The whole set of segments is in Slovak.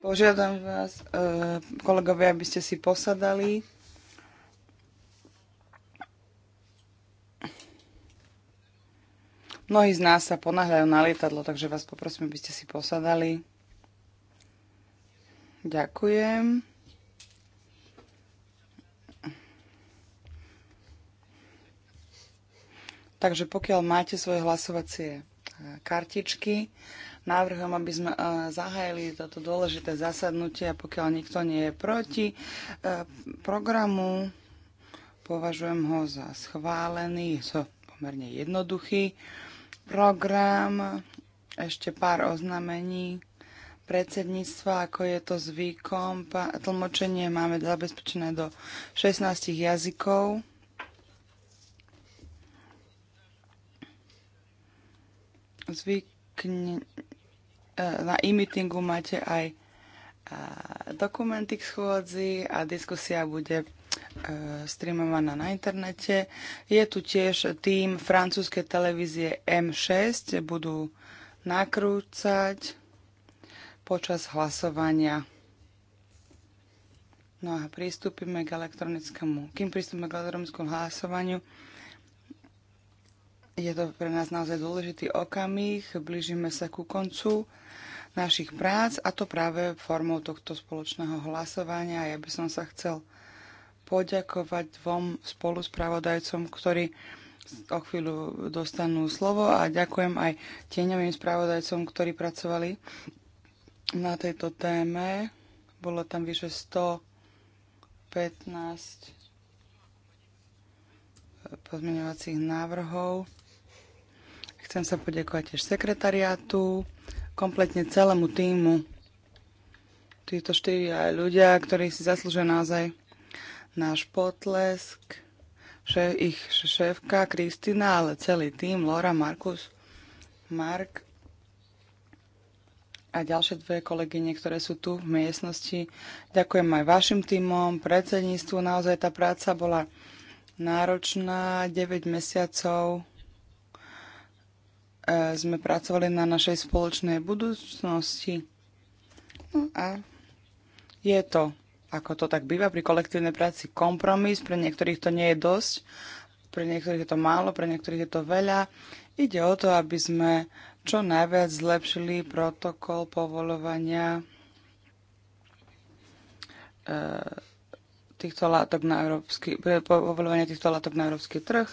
Požiadam vás, eh, kolegovia, aby ste si posadali. Mnohí z nás sa ponáhľajú na lietadlo, takže vás poprosím, aby ste si posadali. Ďakujem. Takže pokiaľ máte svoje hlasovacie eh, kartičky, návrhom, aby sme e, zahájili toto dôležité zasadnutie a pokiaľ nikto nie je proti e, programu, považujem ho za schválený. Je to pomerne jednoduchý program. Ešte pár oznamení predsedníctva, ako je to zvykom. Tlmočenie máme zabezpečené do 16 jazykov. zvykne, Eh, na e-meetingu máte aj eh, dokumenty k schôdzi a diskusia bude eh, streamovaná na internete. Je tu tiež tým francúzskej televízie M6, budú nakrúcať počas hlasovania. No a pristúpime k elektronickému. Kým pristúpime k elektronickému hlasovaniu, je to pre nás naozaj dôležitý okamih, blížime sa ku koncu našich prác a to práve formou tohto spoločného hlasovania. Ja by som sa chcel poďakovať dvom spoluspravodajcom, ktorí o chvíľu dostanú slovo a ďakujem aj tieňovým spravodajcom, ktorí pracovali na tejto téme. Bolo tam vyše 115 pozmeňovacích návrhov Chcem sa poďakovať tiež sekretariátu, kompletne celému týmu. Títo aj ľudia, ktorí si zaslúžia naozaj náš potlesk, šéf, ich šéfka Kristina, ale celý tým, Laura, Markus, Mark a ďalšie dve kolegyne, ktoré sú tu v miestnosti. Ďakujem aj vašim týmom, predsedníctvu. Naozaj tá práca bola náročná, 9 mesiacov E, sme pracovali na našej spoločnej budúcnosti. No a je to, ako to tak býva pri kolektívnej práci, kompromis. Pre niektorých to nie je dosť, pre niektorých je to málo, pre niektorých je to veľa. Ide o to, aby sme čo najviac zlepšili protokol povolovania e, týchto látok na európsky, povolovania týchto látok na európsky trh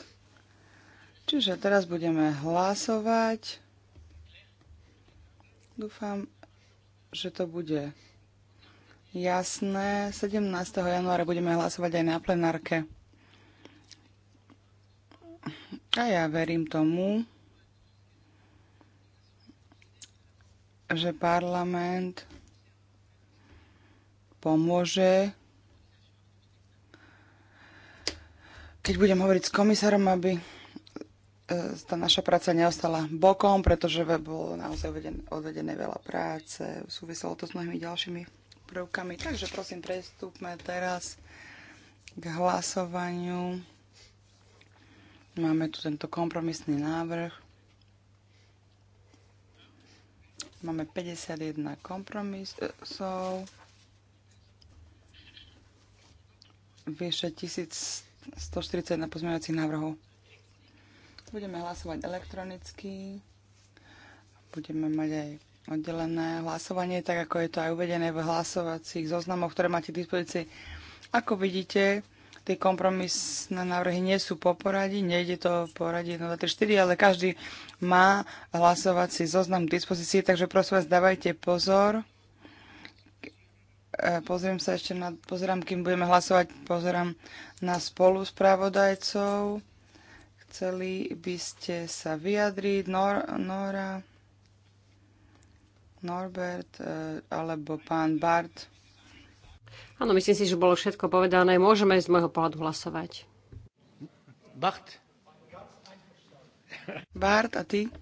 Čiže teraz budeme hlasovať. Dúfam, že to bude jasné. 17. januára budeme hlasovať aj na plenárke. A ja verím tomu, že parlament pomôže, keď budem hovoriť s komisárom, aby E, tá naša práca neostala bokom, pretože bolo naozaj odvedené veľa práce, súviselo to s mnohými ďalšími prvkami. Takže prosím, prestúpme teraz k hlasovaniu. Máme tu tento kompromisný návrh. Máme 51 kompromisov. Vyše 1141 pozmeňovacích návrhov. Budeme hlasovať elektronicky. Budeme mať aj oddelené hlasovanie, tak ako je to aj uvedené v hlasovacích zoznamoch, ktoré máte k dispozícii. Ako vidíte, tie kompromisné návrhy nie sú po poradí, nejde to poradí 1, 2, 3, 4, ale každý má hlasovací zoznam k dispozícii, takže prosím vás, dávajte pozor. E, pozriem sa ešte na, pozerám, kým budeme hlasovať, pozerám na spolu spravodajcov. Chceli by ste sa vyjadriť, Nor- Nora, Norbert e, alebo pán Bart? Áno, myslím si, že bolo všetko povedané. Môžeme z môjho pohľadu hlasovať. Bart. Bart, a ty?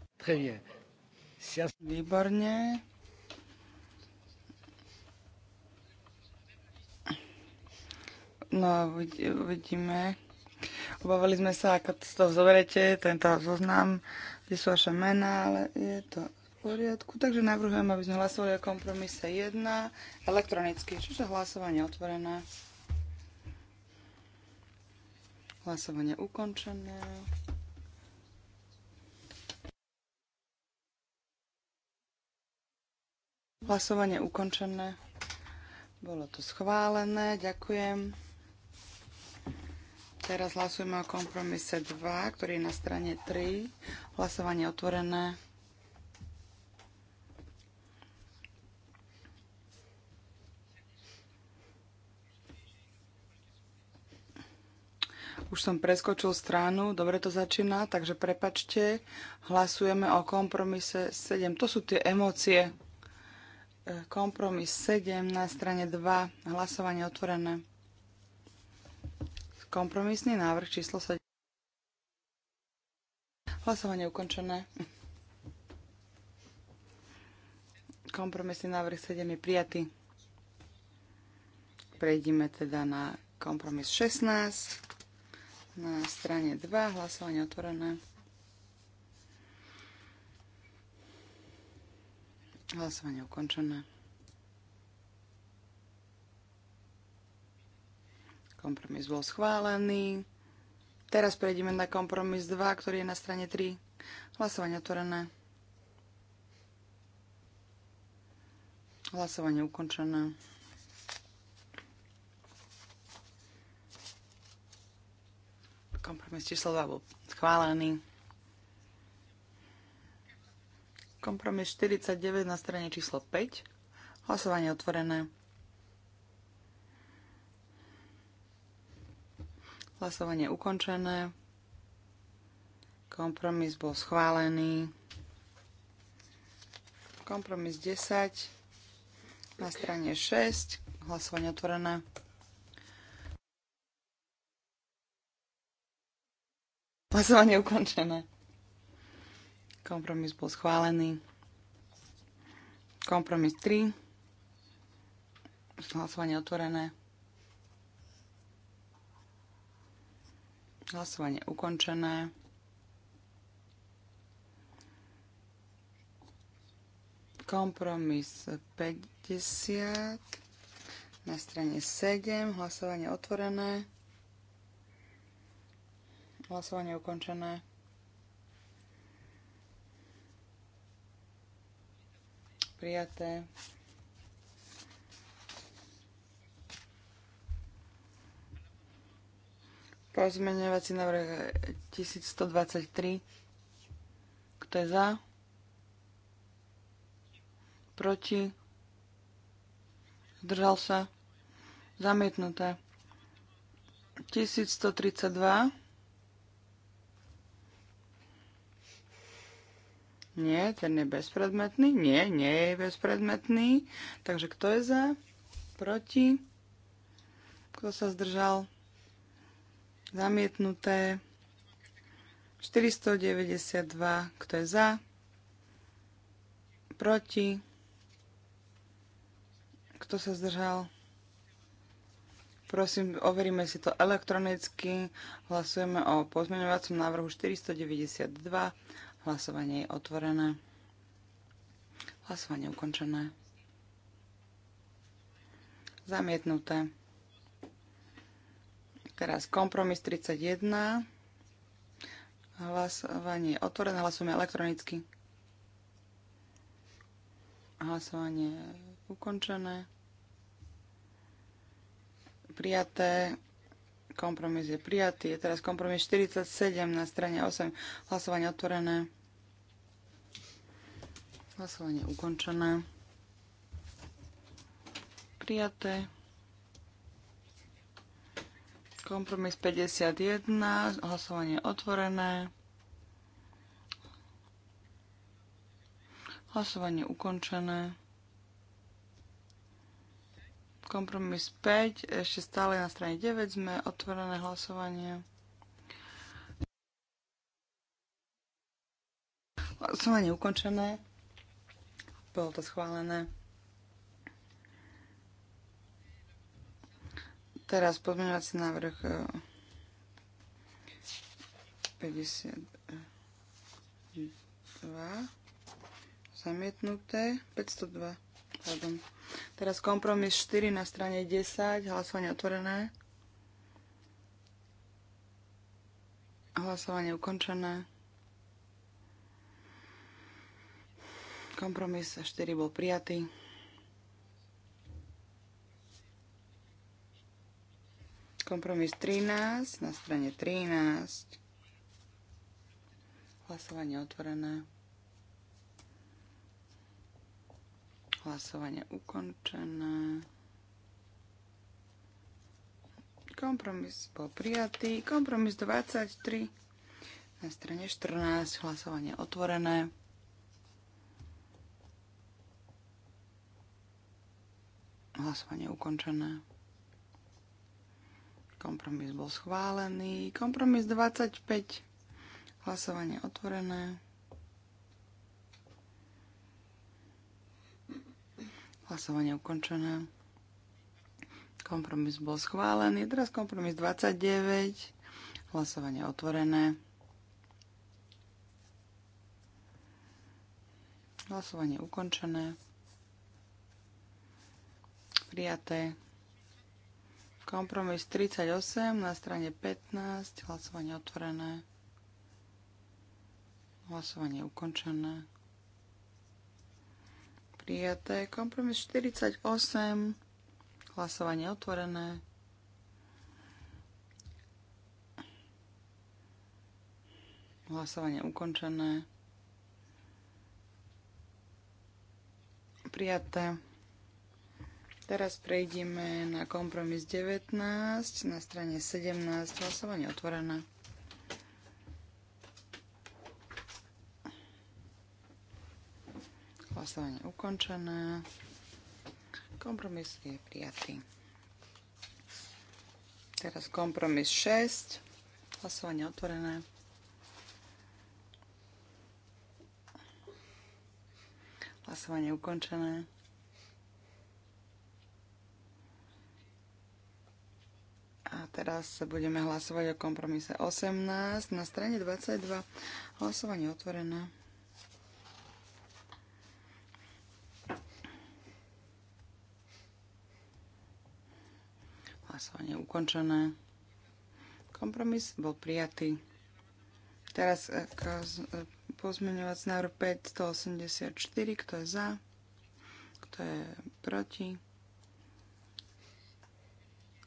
Výborne. No, uvidíme. Bavili sme sa, ako z toho zoberete, tento zoznam, kde sú vaše mená, ale je to v poriadku. Takže navrhujem, aby sme hlasovali o kompromise 1 elektronicky, čiže hlasovanie otvorené. Hlasovanie ukončené. Hlasovanie ukončené. Bolo to schválené. Ďakujem. Teraz hlasujeme o kompromise 2, ktorý je na strane 3. Hlasovanie otvorené. Už som preskočil stranu, dobre to začína, takže prepačte. Hlasujeme o kompromise 7. To sú tie emócie. E, kompromis 7 na strane 2, hlasovanie otvorené. Kompromisný návrh číslo 7. Hlasovanie ukončené. Kompromisný návrh 7 je prijatý. Prejdime teda na kompromis 16 na strane 2, hlasovanie otvorené. Hlasovanie ukončené. Kompromis bol schválený. Teraz prejdeme na kompromis 2, ktorý je na strane 3. Hlasovanie otvorené. Hlasovanie ukončené. Kompromis číslo 2 bol schválený. Kompromis 49 na strane číslo 5. Hlasovanie otvorené. Hlasovanie ukončené. Kompromis bol schválený. Kompromis 10 na strane 6. Hlasovanie otvorené. Hlasovanie ukončené. Kompromis bol schválený. Kompromis 3. Hlasovanie otvorené. Hlasovanie ukončené. Kompromis 50. Na strane 7. Hlasovanie otvorené. Hlasovanie ukončené. Prijaté. Pozmeňovací návrh 1123. Kto je za? Proti? Zdržal sa? Zamietnuté. 1132. Nie, ten je bezpredmetný. Nie, nie je bezpredmetný. Takže kto je za? Proti? Kto sa zdržal? Zamietnuté. 492, kto je za? Proti? Kto sa zdržal? Prosím, overíme si to elektronicky. Hlasujeme o pozmeňovacom návrhu 492. Hlasovanie je otvorené. Hlasovanie ukončené. Zamietnuté. Teraz kompromis 31. Hlasovanie je otvorené. Hlasujeme elektronicky. Hlasovanie je ukončené. Prijaté. Kompromis je prijatý. Je teraz kompromis 47 na strane 8. Hlasovanie otvorené. Hlasovanie ukončené. Prijaté. Kompromis 51, hlasovanie otvorené. Hlasovanie ukončené. Kompromis 5, ešte stále na strane 9 sme, otvorené hlasovanie. Hlasovanie ukončené. Bolo to schválené. Teraz pozmeňovací návrh 52 eh, zamietnuté 502 pardon. Teraz kompromis 4 na strane 10 hlasovanie otvorené hlasovanie ukončené kompromis 4 bol prijatý Kompromis 13 na strane 13. Hlasovanie otvorené. Hlasovanie ukončené. Kompromis bol prijatý. Kompromis 23 na strane 14. Hlasovanie otvorené. Hlasovanie ukončené. Kompromis bol schválený. Kompromis 25. Hlasovanie otvorené. Hlasovanie ukončené. Kompromis bol schválený. Teraz kompromis 29. Hlasovanie otvorené. Hlasovanie ukončené. Prijaté. Kompromis 38 na strane 15, hlasovanie otvorené, hlasovanie ukončené. Prijaté. Kompromis 48, hlasovanie otvorené. Hlasovanie ukončené. Prijaté. Teraz prejdeme na kompromis 19, na strane 17, hlasovanie otvorené. Hlasovanie ukončené. Kompromis je prijatý. Teraz kompromis 6, hlasovanie otvorené. Hlasovanie ukončené. Teraz budeme hlasovať o kompromise 18 na strane 22. Hlasovanie otvorené. Hlasovanie ukončené. Kompromis bol prijatý. Teraz z návrhu 584, kto je za, kto je proti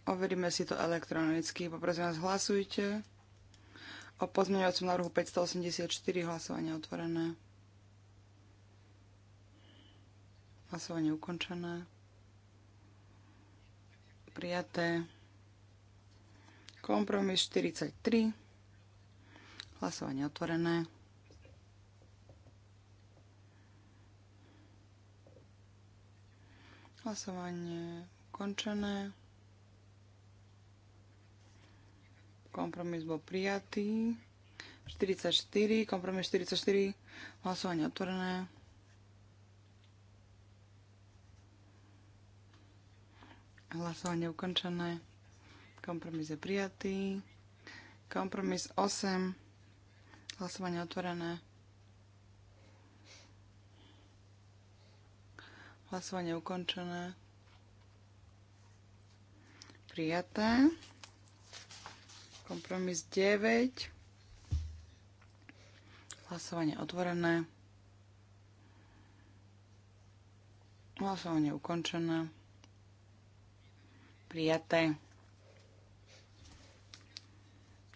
Overíme si to elektronicky. Poprosím vás, hlasujte. O pozmeňovacom návrhu 584 hlasovanie otvorené. Hlasovanie ukončené. Prijaté. Kompromis 43. Hlasovanie otvorené. Hlasovanie ukončené. Kompromis bol prijatý. 44, kompromis 44, hlasovanie otvorené. Hlasovanie ukončené. Kompromis je prijatý. Kompromis 8. Hlasovanie otvorené. Hlasovanie ukončené. Prijaté. Kompromis 9. Hlasovanie otvorené. Hlasovanie ukončené. Prijaté.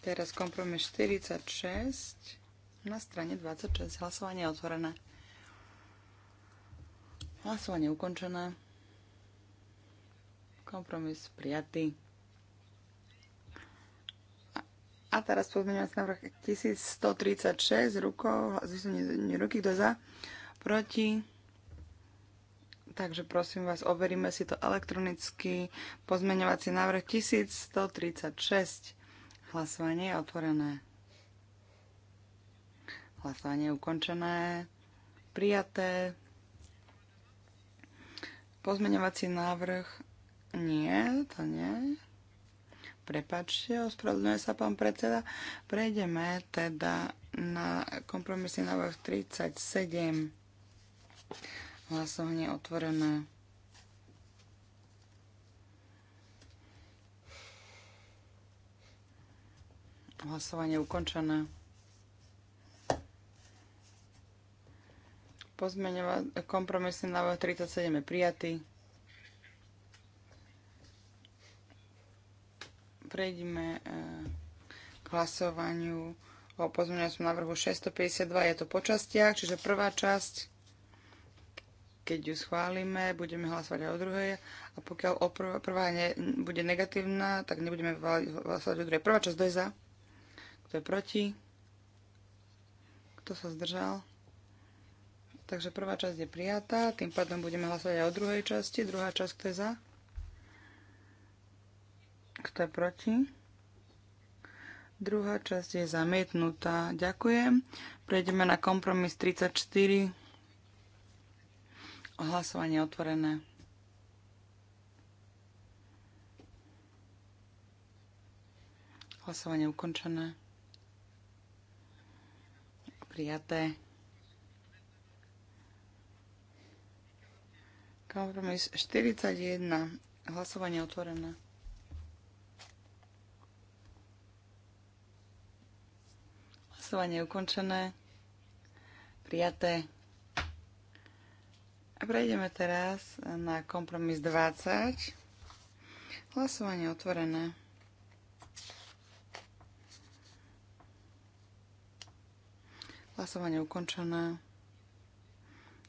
Teraz kompromis 46 na strane 26. Hlasovanie otvorené. Hlasovanie ukončené. Kompromis prijatý. A teraz pozmeňovací návrh 1136 rukou, zvyšenie ruky, kto je za, proti. Takže prosím vás, overíme si to elektronicky. Pozmeňovací návrh 1136. Hlasovanie je otvorené. Hlasovanie je ukončené. Prijaté. Pozmeňovací návrh nie, to nie. Prepačte, ospravedlňuje sa pán predseda. Prejdeme teda na kompromisný návrh 37. Hlasovanie otvorené. Hlasovanie ukončené. Pozmeňovať kompromisný návrh 37 je prijatý. prejdeme e, k hlasovaniu o pozmeňovacom návrhu 652. Je to po častiach, čiže prvá časť, keď ju schválime, budeme hlasovať aj o druhej a pokiaľ o prv, prvá ne, bude negatívna, tak nebudeme hlasovať o druhej. Prvá časť, kto je za? Kto je proti? Kto sa zdržal? Takže prvá časť je prijatá, tým pádom budeme hlasovať aj o druhej časti. Druhá časť, kto je za? Kto je proti? Druhá časť je zamietnutá. Ďakujem. Prejdeme na kompromis 34. Ohlasovanie otvorené. Hlasovanie ukončené. Prijaté. Kompromis 41. Hlasovanie otvorené. Hlasovanie ukončené. Prijaté. A prejdeme teraz na kompromis 20. Hlasovanie otvorené. Hlasovanie ukončené.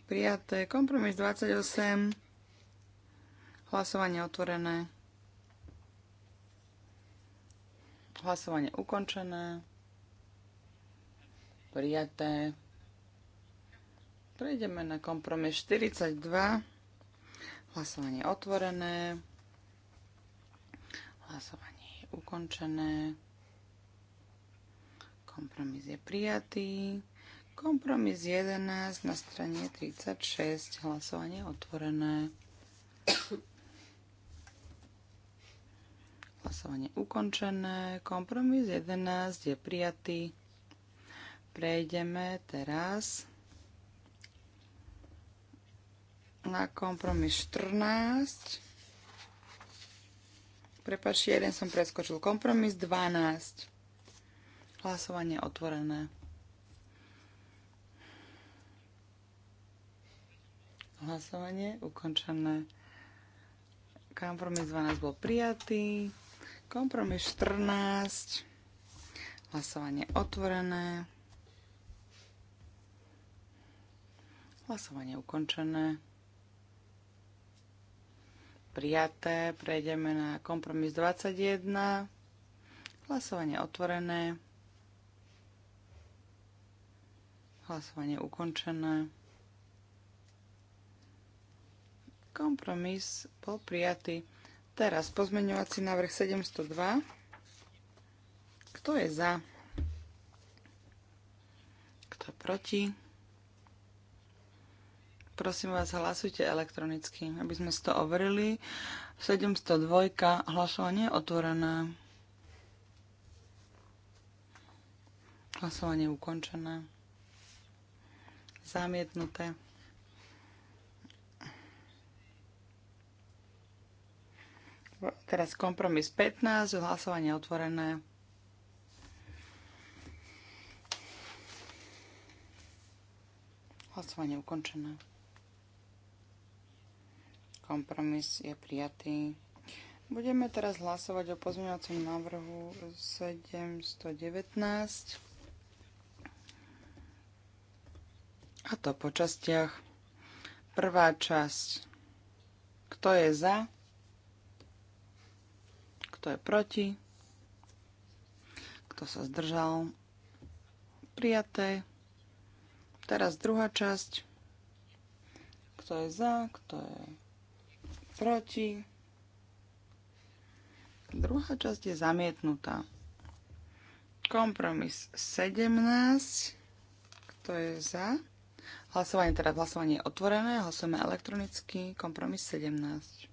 Prijaté. Kompromis 28. Hlasovanie otvorené. Hlasovanie ukončené prijaté. Prejdeme na kompromis 42. Hlasovanie otvorené. Hlasovanie je ukončené. Kompromis je prijatý. Kompromis 11 na strane 36. Hlasovanie otvorené. Hlasovanie ukončené. Kompromis 11 je prijatý. Prejdeme teraz na kompromis 14. Prepač jeden som preskočil. Kompromis 12. Hlasovanie otvorené. Hlasovanie ukončené. Kompromis 12 bol prijatý. Kompromis 14. Hlasovanie otvorené. Hlasovanie ukončené. Prijaté. Prejdeme na kompromis 21. Hlasovanie otvorené. Hlasovanie ukončené. Kompromis bol prijatý. Teraz pozmeňovací návrh 702. Kto je za? Kto je proti? Prosím vás, hlasujte elektronicky, aby sme si to overili. 702, hlasovanie je otvorené. Hlasovanie je ukončené. Zamietnuté. Teraz kompromis 15, hlasovanie otvorené. Hlasovanie ukončené. Kompromis je prijatý. Budeme teraz hlasovať o pozmeňovacom návrhu 719. A to po častiach. Prvá časť. Kto je za? Kto je proti? Kto sa zdržal? Prijaté. Teraz druhá časť. Kto je za? Kto je proti. Druhá časť je zamietnutá. Kompromis 17, kto je za? Hlasovanie, teda hlasovanie je otvorené, hlasujeme elektronicky, kompromis 17.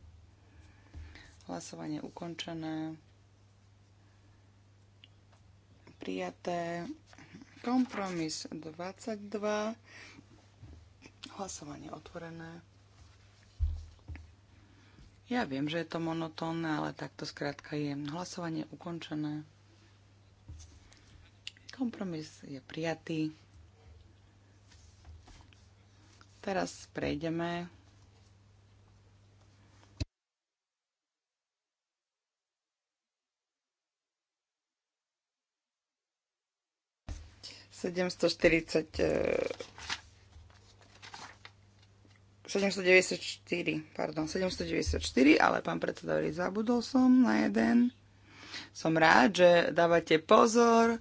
Hlasovanie ukončené. Prijaté. Kompromis 22. Hlasovanie otvorené. Ja viem, že je to monotónne, ale takto skrátka je hlasovanie ukončené. Kompromis je prijatý. Teraz prejdeme sedemsto štyridsať eh, 794, pardon, 794, ale pán predseda, zabudol som na jeden. Som rád, že dávate pozor.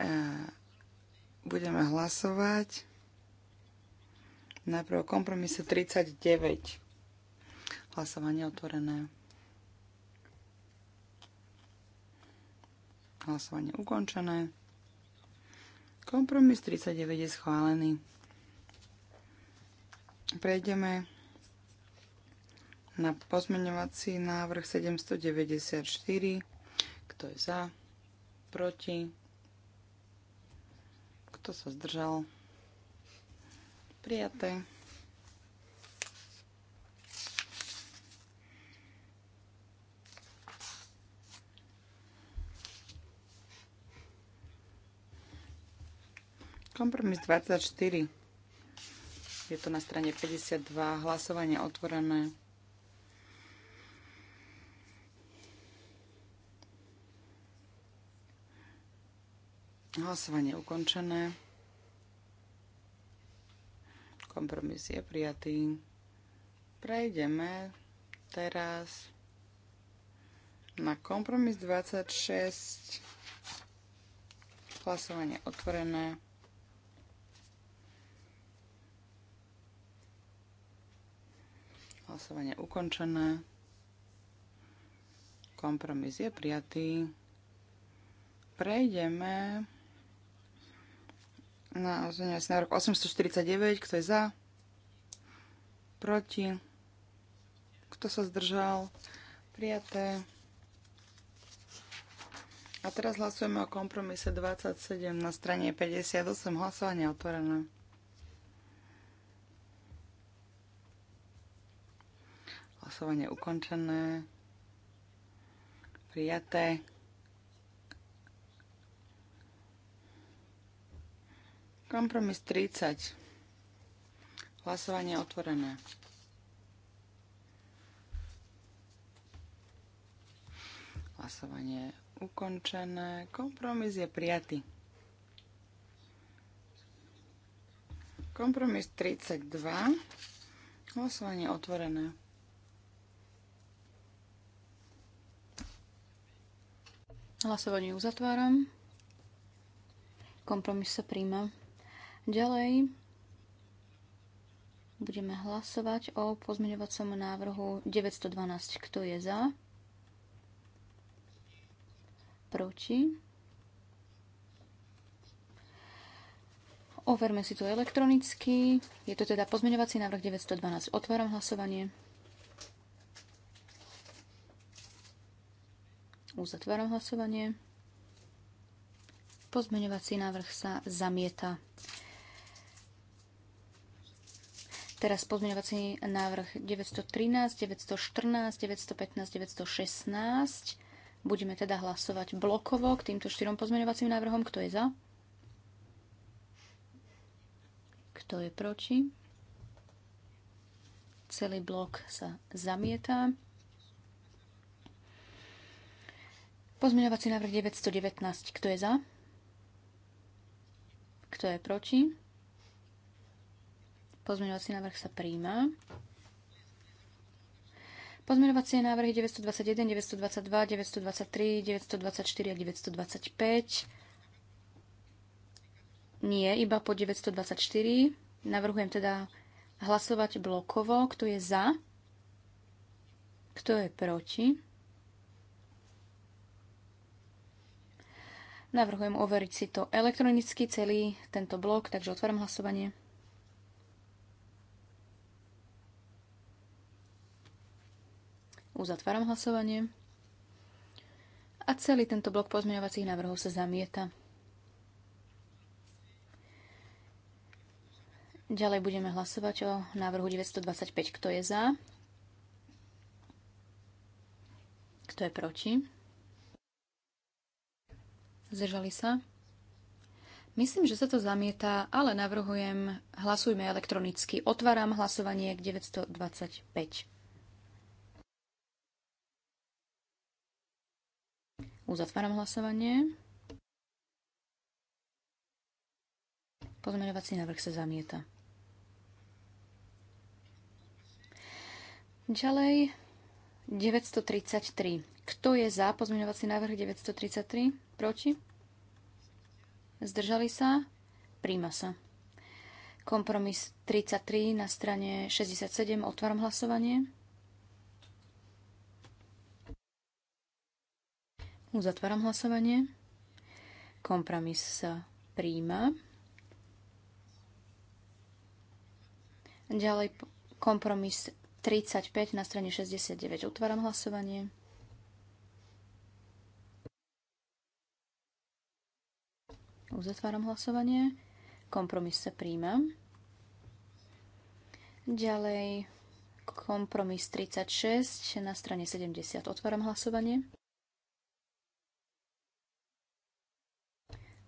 E, budeme hlasovať. Najprv kompromise 39. Hlasovanie otvorené. Hlasovanie ukončené. Kompromis 39 je schválený. Prejdeme na pozmeňovací návrh 794. Kto je za? Proti? Kto sa zdržal? Prijaté. Kompromis 24. Je to na strane 52. Hlasovanie otvorené. Hlasovanie ukončené. Kompromis je prijatý. Prejdeme teraz na kompromis 26. Hlasovanie otvorené. Hlasovanie ukončené. Kompromis je prijatý. Prejdeme na rok 849. Kto je za? Proti? Kto sa zdržal? Prijaté. A teraz hlasujeme o kompromise 27 na strane 58. Hlasovanie otvorené. Hlasovanie ukončené. Prijaté. Kompromis 30. Hlasovanie otvorené. Hlasovanie ukončené. Kompromis je prijatý. Kompromis 32. Hlasovanie otvorené. Hlasovanie uzatváram. Kompromis sa príjma. Ďalej budeme hlasovať o pozmeňovacom návrhu 912. Kto je za? Proti? Overme si to elektronicky. Je to teda pozmeňovací návrh 912. Otváram hlasovanie. Uzatváram hlasovanie. Pozmeňovací návrh sa zamieta. Teraz pozmeňovací návrh 913, 914, 915, 916. Budeme teda hlasovať blokovo k týmto štyrom pozmeňovacím návrhom. Kto je za? Kto je proti? Celý blok sa zamieta. Pozmeňovací návrh 919. Kto je za? Kto je proti? Pozmeňovací návrh sa príjma. Pozmeňovacie návrhy 921, 922, 923, 924 a 925. Nie, iba po 924. Navrhujem teda hlasovať blokovo. Kto je za? Kto je proti? Navrhujem overiť si to elektronicky, celý tento blok, takže otváram hlasovanie. Uzatváram hlasovanie. A celý tento blok pozmeňovacích návrhov sa zamieta. Ďalej budeme hlasovať o návrhu 925. Kto je za? Kto je proti? Zdržali sa? Myslím, že sa to zamieta, ale navrhujem, hlasujme elektronicky. Otváram hlasovanie k 925. Uzatváram hlasovanie. Pozmeňovací návrh sa zamieta. Ďalej 933. Kto je za pozmeňovací návrh 933? Proti? Zdržali sa? Príjma sa. Kompromis 33 na strane 67. Otváram hlasovanie. Uzatváram hlasovanie. Kompromis sa príjma. Ďalej kompromis 35 na strane 69. Otváram hlasovanie. Uzatváram hlasovanie. Kompromis sa príjma. Ďalej kompromis 36 na strane 70. Otváram hlasovanie.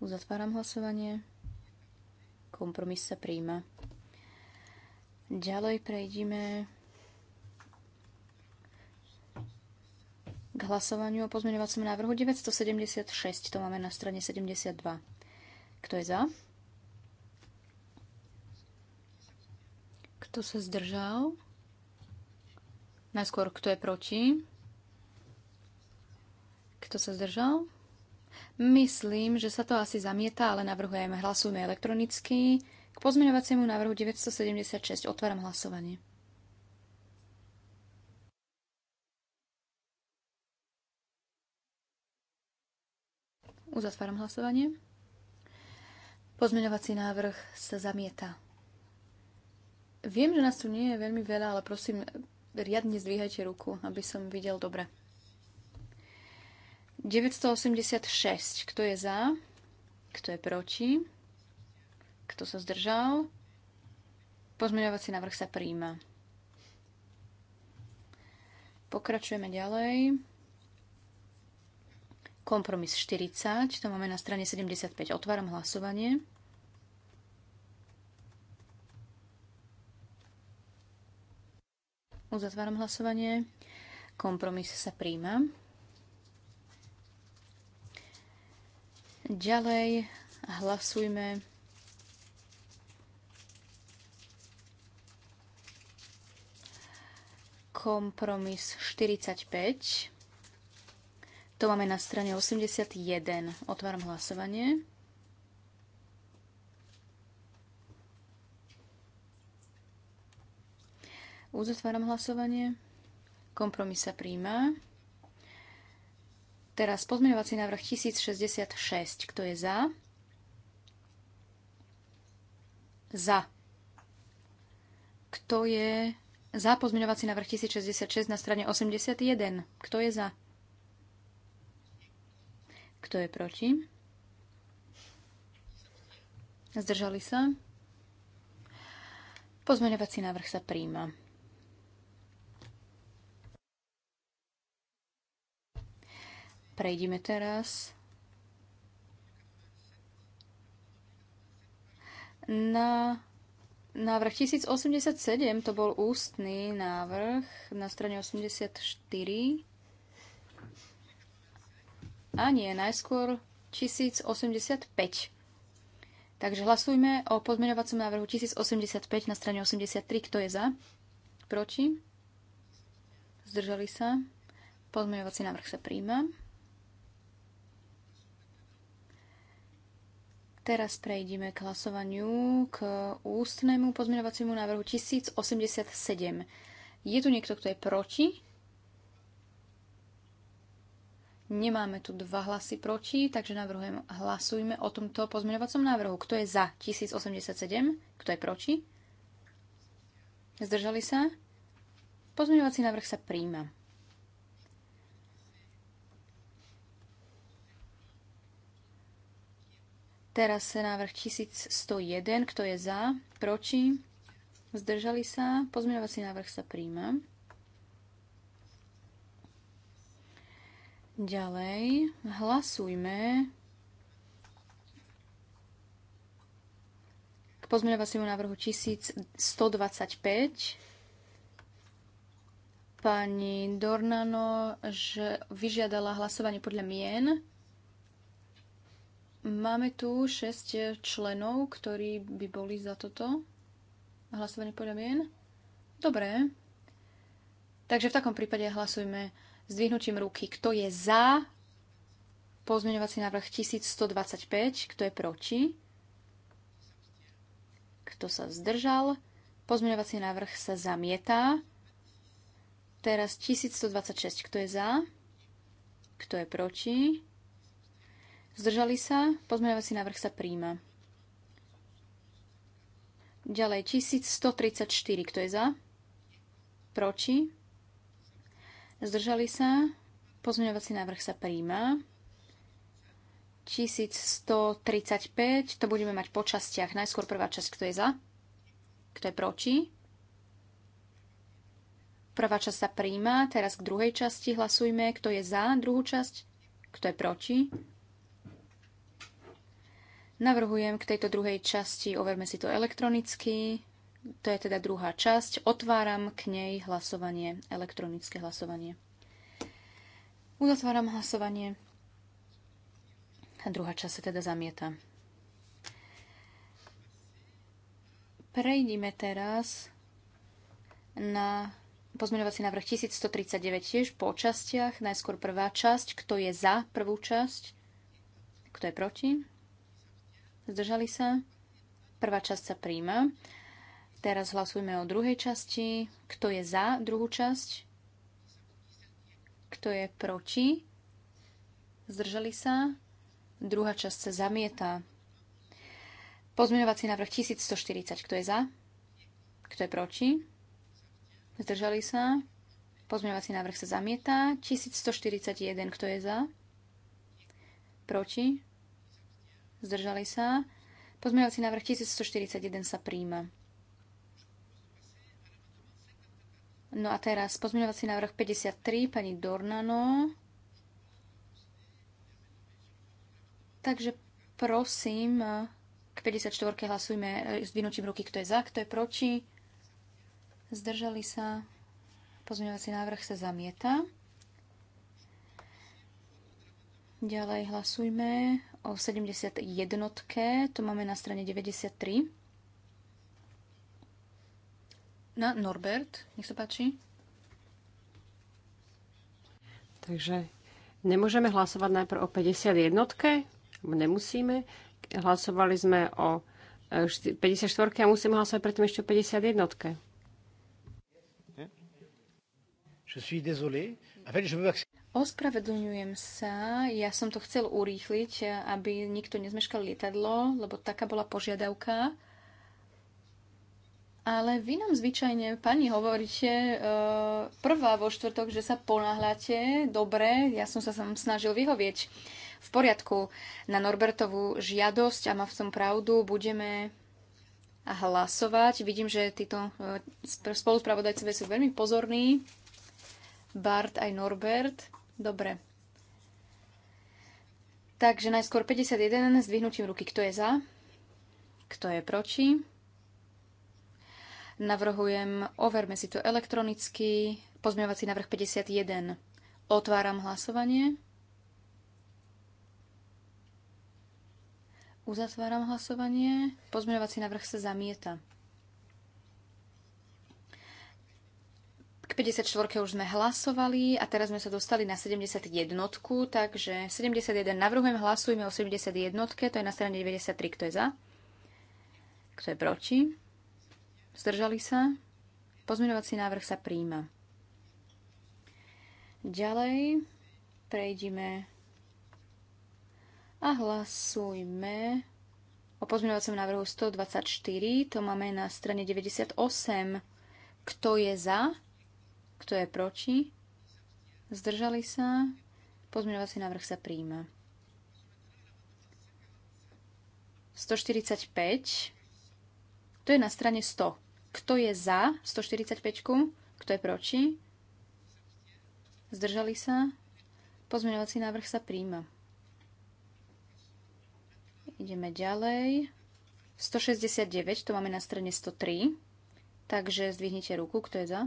Uzatváram hlasovanie. Kompromis sa príjma. Ďalej prejdime k hlasovaniu o pozmeňovacom návrhu 976. To máme na strane 72. Kto je za? Kto sa zdržal? Najskôr, kto je proti? Kto sa zdržal? Myslím, že sa to asi zamieta, ale navrhujeme, hlasujme elektronicky. K pozmeňovaciemu návrhu 976 otváram hlasovanie. Uzatváram hlasovanie. Pozmeňovací návrh sa zamieta. Viem, že nás tu nie je veľmi veľa, ale prosím, riadne zdvíhajte ruku, aby som videl dobre. 986. Kto je za? Kto je proti? Kto sa zdržal? Pozmeňovací návrh sa príjma. Pokračujeme ďalej. Kompromis 40, to máme na strane 75. Otváram hlasovanie. Uzatváram hlasovanie. Kompromis sa príjma. Ďalej hlasujme kompromis 45. To máme na strane 81. Otváram hlasovanie. Uzatváram hlasovanie. Kompromis sa príjma. Teraz pozmeňovací návrh 1066. Kto je za? Za. Kto je za pozmeňovací návrh 1066 na strane 81? Kto je za? Kto je proti? Zdržali sa? Pozmeňovací návrh sa príjma. Prejdime teraz na návrh 1087, to bol ústny návrh na strane 84. A nie, najskôr 1085. Takže hlasujme o pozmeňovacom návrhu 1085 na strane 83. Kto je za? Proti? Zdržali sa? Pozmeňovací návrh sa príjma. Teraz prejdeme k hlasovaniu k ústnemu pozmeňovaciemu návrhu 1087. Je tu niekto, kto je proti? Nemáme tu dva hlasy proti, takže navrhujem, hlasujme o tomto pozmeňovacom návrhu. Kto je za 1087? Kto je proti? Zdržali sa? Pozmeňovací návrh sa príjma. Teraz sa návrh 1101. Kto je za? Proti? Zdržali sa? Pozmeňovací návrh sa príjma. Ďalej hlasujme k pozmeňovaciemu návrhu 1125 pani Dornano, že vyžiadala hlasovanie podľa mien. Máme tu 6 členov, ktorí by boli za toto hlasovanie podľa mien. Dobre. Takže v takom prípade hlasujme zdvihnutím ruky. Kto je za pozmeňovací návrh 1125? Kto je proti? Kto sa zdržal? Pozmeňovací návrh sa zamietá. Teraz 1126. Kto je za? Kto je proti? Zdržali sa? Pozmeňovací návrh sa príjma. Ďalej 1134. Kto je za? Proti? Zdržali sa? Pozmeňovací návrh sa príjma. 1135, to budeme mať po častiach. Najskôr prvá časť, kto je za? Kto je proti? Prvá časť sa príjma, teraz k druhej časti hlasujme, kto je za druhú časť, kto je proti. Navrhujem k tejto druhej časti, overme si to elektronicky. To je teda druhá časť. Otváram k nej hlasovanie, elektronické hlasovanie. Uzatváram hlasovanie. A druhá časť sa teda zamieta. Prejdime teraz na pozmeňovací návrh 1139 tiež po častiach. Najskôr prvá časť. Kto je za prvú časť? Kto je proti? Zdržali sa? Prvá časť sa príjma. Teraz hlasujme o druhej časti. Kto je za druhú časť? Kto je proti? Zdržali sa? Druhá časť sa zamieta. Pozmeňovací návrh 1140. Kto je za? Kto je proti? Zdržali sa? Pozmeňovací návrh sa zamieta. 1141. Kto je za? Proti? Zdržali sa? Pozmeňovací návrh 1141 sa príjma. No a teraz pozmeňovací návrh 53, pani Dornano. Takže prosím, k 54 hlasujme s vynutím ruky, kto je za, kto je proti. Zdržali sa. Pozmeňovací návrh sa zamieta. Ďalej hlasujme o 71. To máme na strane 93 na Norbert. Nech sa páči. Takže nemôžeme hlasovať najprv o 51. Nemusíme. Hlasovali sme o 54. E, a musíme hlasovať predtým ešte o 51. Je suis désolé. En fait, je veux Ospravedlňujem sa, ja som to chcel urýchliť, aby nikto nezmeškal lietadlo, lebo taká bola požiadavka. Ale vy nám zvyčajne, pani, hovoríte uh, prvá vo štvrtok, že sa ponáhľate. Dobre, ja som sa sam snažil vyhovieť. V poriadku, na Norbertovú žiadosť a má v tom pravdu, budeme hlasovať. Vidím, že títo uh, spoluspravodajcovia sú veľmi pozorní. Bart aj Norbert. Dobre. Takže najskôr 51 zdvihnutím ruky. Kto je za? Kto je proti? Navrhujem, overme si to elektronicky. pozmeňovací návrh 51. Otváram hlasovanie. Uzatváram hlasovanie. Pozmeňovací návrh sa zamieta. K 54 už sme hlasovali a teraz sme sa dostali na 71, takže 71 navrhujem, hlasujme o 71, to je na strane 93, kto je za, kto je proti. Zdržali sa? Pozmeňovací návrh sa príjma. Ďalej prejdime a hlasujme o pozmeňovacom návrhu 124. To máme na strane 98. Kto je za? Kto je proti? Zdržali sa? Pozmeňovací návrh sa príjma. 145. To je na strane 100. Kto je za 145? Kto je proti? Zdržali sa? Pozmeňovací návrh sa príjma. Ideme ďalej. 169, to máme na strane 103. Takže zdvihnite ruku, kto je za.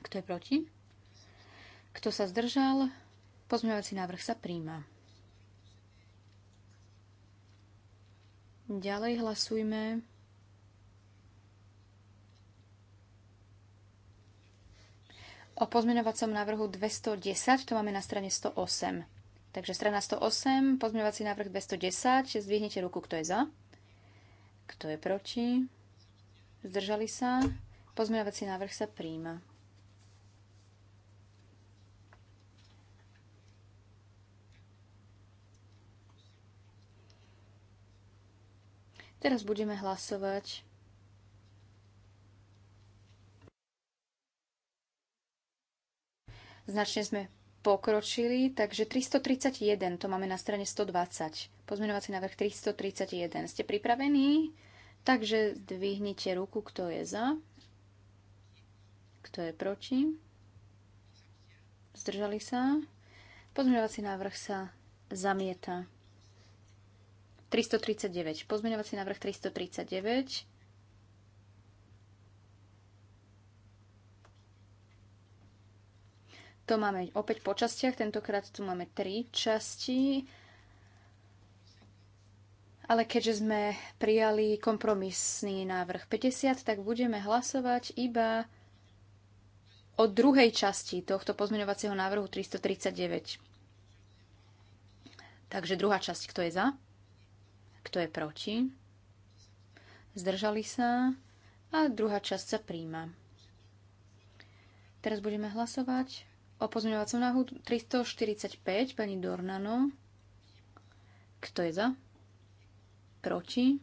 Kto je proti? Kto sa zdržal? Pozmeňovací návrh sa príjma. Ďalej hlasujme. o pozmeňovacom návrhu 210, to máme na strane 108. Takže strana 108, pozmeňovací návrh 210, zdvihnite ruku, kto je za, kto je proti, zdržali sa, pozmeňovací návrh sa príjma. Teraz budeme hlasovať Značne sme pokročili, takže 331, to máme na strane 120. Pozmenovací návrh 331. Ste pripravení? Takže zdvihnite ruku, kto je za, kto je proti. Zdržali sa. Pozmenovací návrh sa zamieta. 339. Pozmenovací návrh 339. To máme opäť po častiach, tentokrát tu máme tri časti. Ale keďže sme prijali kompromisný návrh 50, tak budeme hlasovať iba o druhej časti tohto pozmeňovacieho návrhu 339. Takže druhá časť, kto je za? Kto je proti? Zdržali sa? A druhá časť sa príjma. Teraz budeme hlasovať o pozmeňovacom návrhu 345 pani Dornano. Kto je za? Proti?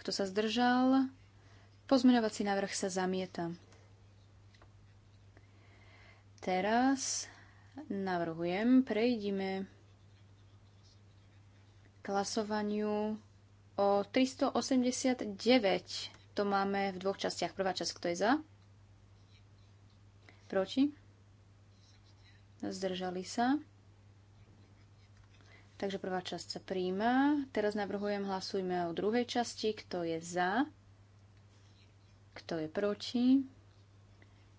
Kto sa zdržal? Pozmeňovací návrh sa zamieta. Teraz navrhujem, prejdime k hlasovaniu o 389. To máme v dvoch častiach. Prvá časť, kto je za? Proti? zdržali sa. Takže prvá časť sa príjma. Teraz navrhujem, hlasujme o druhej časti, kto je za, kto je proti.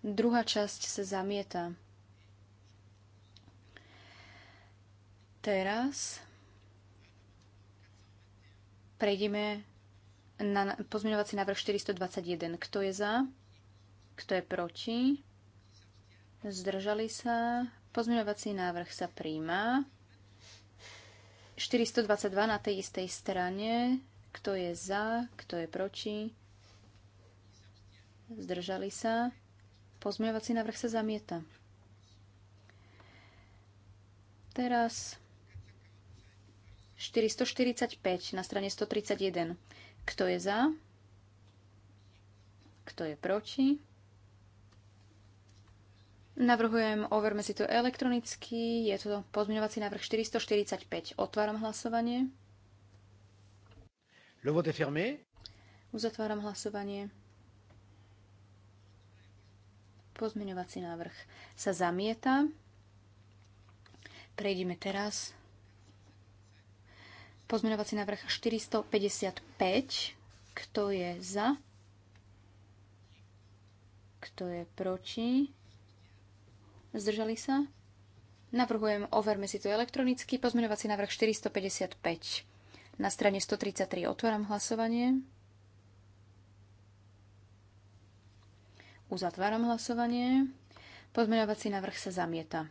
Druhá časť sa zamieta. Teraz prejdeme na pozmeňovací návrh 421. Kto je za? Kto je proti? Zdržali sa? Pozmeňovací návrh sa príjma. 422 na tej istej strane. Kto je za, kto je proti? Zdržali sa. Pozmeňovací návrh sa zamieta. Teraz 445 na strane 131. Kto je za? Kto je proti? Navrhujem, overme si to elektronicky. Je to pozmeňovací návrh 445. Otváram hlasovanie. Le vote est fermé. Uzatváram hlasovanie. Pozmeňovací návrh sa zamieta. Prejdime teraz. Pozmeňovací návrh 455. Kto je za? Kto je proti? Zdržali sa? Navrhujem, overme si to elektronicky. Pozmeňovací návrh 455. Na strane 133 otváram hlasovanie. Uzatváram hlasovanie. Pozmeňovací návrh sa zamieta.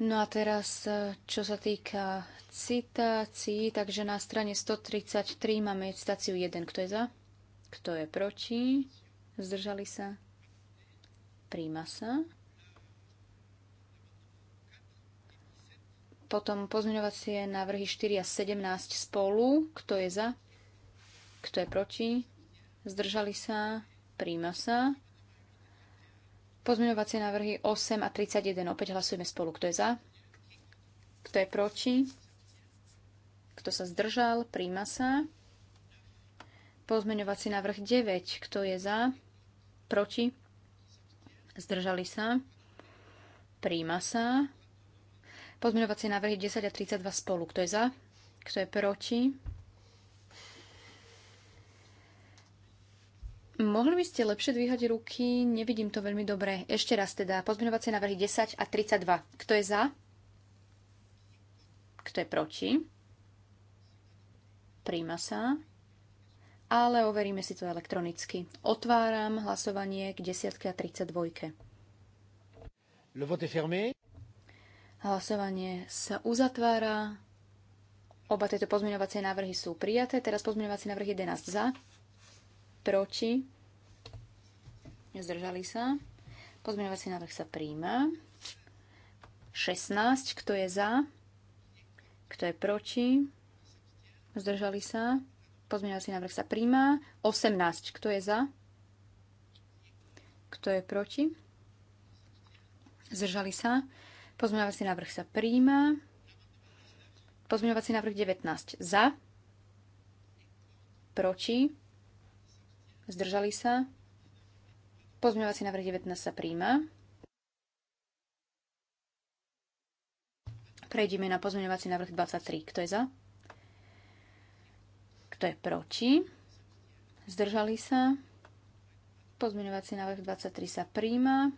No a teraz, čo sa týka citácií, takže na strane 133 máme citáciu 1. Kto je za? Kto je proti? Zdržali sa? Príjma sa. Potom pozmeňovacie návrhy 4 a 17 spolu. Kto je za? Kto je proti? Zdržali sa? Príjma sa. Pozmeňovacie návrhy 8 a 31. Opäť hlasujeme spolu. Kto je za? Kto je proti? Kto sa zdržal? Príjma sa. Pozmeňovací návrh 9. Kto je za? Proti? zdržali sa, príjma sa. Pozmeňovacie návrhy 10 a 32 spolu. Kto je za? Kto je proti? Mohli by ste lepšie dvíhať ruky, nevidím to veľmi dobre. Ešte raz teda, pozmeňovacie návrhy 10 a 32. Kto je za? Kto je proti? Príjma sa ale overíme si to elektronicky. Otváram hlasovanie k 10 a 32. Le vote est fermé. Hlasovanie sa uzatvára. Oba tieto pozmeňovacie návrhy sú prijaté. Teraz pozmeňovací návrh 11 za, proti, zdržali sa. Pozmeňovací návrh sa príjma. 16, kto je za, kto je proti, zdržali sa. Pozmeňovací návrh sa príjma. 18. Kto je za? Kto je proti? Zdržali sa. Pozmeňovací návrh sa príjma. Pozmeňovací návrh 19. Za. Proti. Zdržali sa. Pozmeňovací návrh 19 sa príjma. Prejdeme na pozmeňovací návrh 23. Kto je za? Kto je proti? Zdržali sa? Pozmeňovací návrh 23 sa príjma.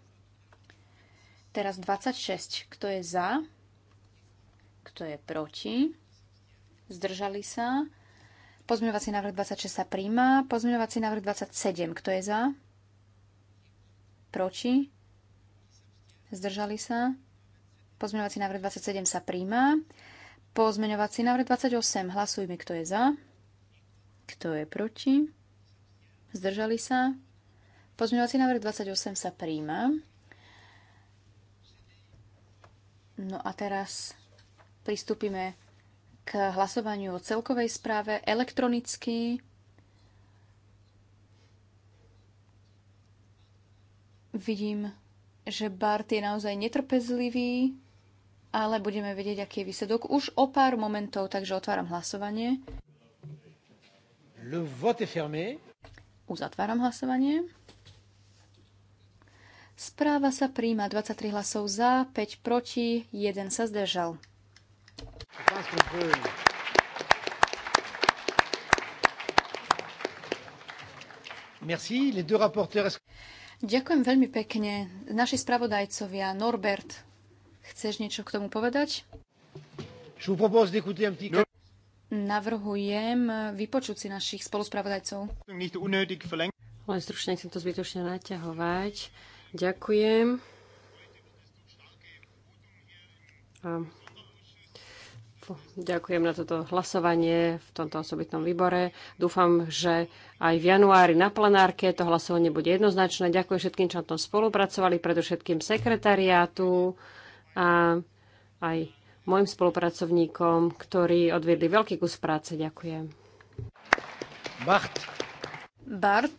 Teraz 26. Kto je za? Kto je proti? Zdržali sa? Pozmeňovací návrh 26 sa príjma. Pozmeňovací návrh 27. Kto je za? Proti? Zdržali sa? Pozmeňovací návrh 27 sa príjma. Pozmeňovací návrh 28. Hlasujme, kto je za. Kto je proti? Zdržali sa? Pozmeňovací návrh 28 sa príjma. No a teraz pristúpime k hlasovaniu o celkovej správe elektronicky. Vidím, že Bart je naozaj netrpezlivý, ale budeme vedieť, aký je výsledok už o pár momentov, takže otváram hlasovanie. Le vote est fermé. Uzatváram hlasovanie. Správa sa príjma 23 hlasov za, 5 proti, 1 sa zdržal. Merci, les deux rapporteurs. Ďakujem veľmi pekne. Naši spravodajcovia, Norbert, chceš niečo k tomu povedať? Je vous propose d'écouter un petit... No navrhujem vypočuť si našich spoluspravodajcov. Len stručne chcem to zbytočne naťahovať. Ďakujem. A ďakujem na toto hlasovanie v tomto osobitnom výbore. Dúfam, že aj v januári na plenárke to hlasovanie bude jednoznačné. Ďakujem všetkým, čo na tom spolupracovali, predovšetkým sekretariátu a aj mojim spolupracovníkom, ktorí odviedli veľký kus práce. Ďakujem. Bart. Bart.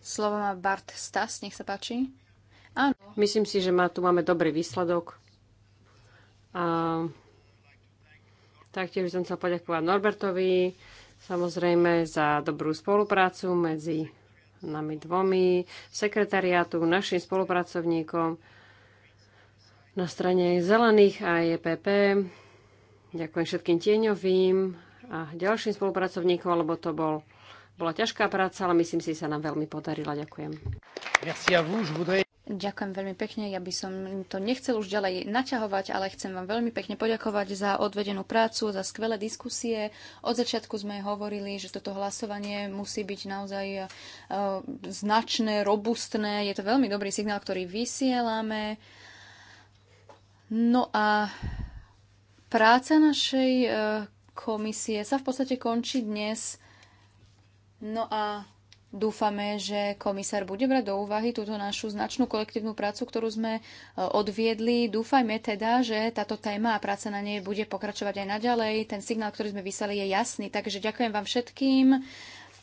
Slovo má Bart Stas, nech sa páči. Áno. Myslím si, že má, tu máme dobrý výsledok. A taktiež by som chcel poďakovať Norbertovi, samozrejme za dobrú spoluprácu medzi nami dvomi, sekretariátu, našim spolupracovníkom na strane zelených a EPP. Ďakujem všetkým tieňovým a ďalším spolupracovníkom, lebo to bol, bola ťažká práca, ale myslím si, sa nám veľmi podarila. Ďakujem. Merci à vous, je Ďakujem veľmi pekne. Ja by som to nechcel už ďalej naťahovať, ale chcem vám veľmi pekne poďakovať za odvedenú prácu, za skvelé diskusie. Od začiatku sme hovorili, že toto hlasovanie musí byť naozaj uh, značné, robustné. Je to veľmi dobrý signál, ktorý vysielame. No a práca našej e, komisie sa v podstate končí dnes. No a dúfame, že komisár bude brať do úvahy túto našu značnú kolektívnu prácu, ktorú sme e, odviedli. Dúfajme teda, že táto téma a práca na nej bude pokračovať aj naďalej. Ten signál, ktorý sme vysali, je jasný. Takže ďakujem vám všetkým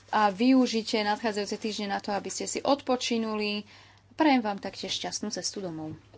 a využite nadchádzajúce týždne na to, aby ste si odpočinuli. Prajem vám taktiež šťastnú cestu domov.